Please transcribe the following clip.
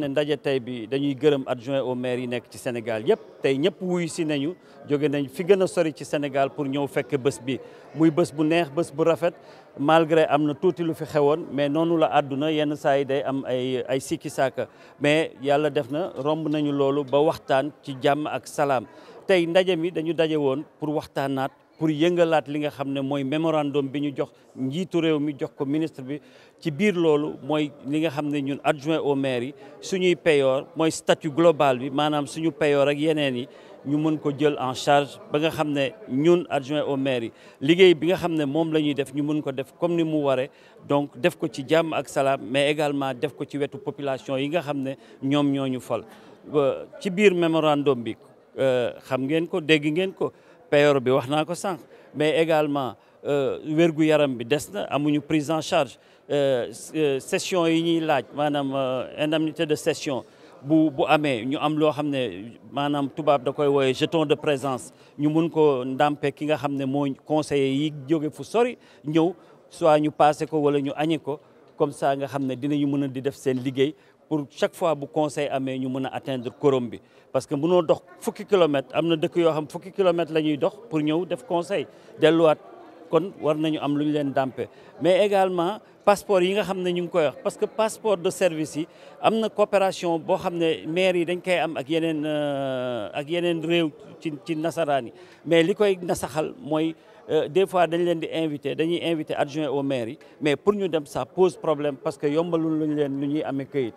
ne ndaje tey bi dañuy gërëm adjoint au maire yi nekk ci Sénégal yëpp tey ñëpp wuyu si nañu jóge nañ fi gën a sori ci Sénégal pour ñëw fekk bés bi muy bés bu neex bés bu rafet malgré am na tuuti lu fi xewoon mais noonu la àdduna yenn saa yi day am ay ay sikki saaka mais yàlla def na romb nañu loolu ba waxtaan ci jàmm ak salaam tey ndaje mi dañu daje woon pour waxtaanaat pour yëngalaat li nga xam ne mooy mémorandum bi ñu jox njiitu réew mi jox ko ministre bi ci biir loolu mooy li nga xam ne ñun adjoint au maire yi suñuy payoor mooy statut global bi maanaam suñu payoor ak yeneen yi ñu mun ko jël en charge ba nga xam ne ñun adjoint au maire yi liggéey bi nga xam ne moom la ñuy def ñu mun ko def comme ni mu waree donc def ko ci jàmm ak salaam mais également def ko ci wetu population yi nga xam ne ñoom ñoo ñu fal ci biir mémorandum bi euh, xam ko payor bi wax naa ko sànq mais également euh, wérgu yaram bi des na amuñu prise en charge euh, session yi ñuy laaj maanaam euh, indemnité de session bu bu amee ñu am loo xam ne maanaam tubaab da koy wooye jeton de présence ñu mun ko ndàmpe ki nga xam ne moo conseiller yi jóge fu sori ñëw soit ñu passé ko wala ñu añe ko comme ça nga xam ne dinañu mën a di def seen liggéey pour chaque fois bu conseil amee ñu mën a atteindre quorum bi parce que mënoo dox fukki kilomètres am na dëkk yoo xam fukki kilomètres la ñuy dox pour ñëw def conseil delluwaat kon war nañu am lu ñu leen dàmpe mais également passeport yi nga xam ne ñu ngi koy wax parce que passeport de service yi am na coopération boo xam ne maire yi dañ koy am ak yeneen euh, ak yeneen réew ci ci nasaraan yi mais li koy nasaxal mooy euh, des fois dañ leen di invité dañuy invité adjoint au maire yi mais pour ñu dem ça pose problème parce que yombalul lu ñu leen lu ñuy amee kayit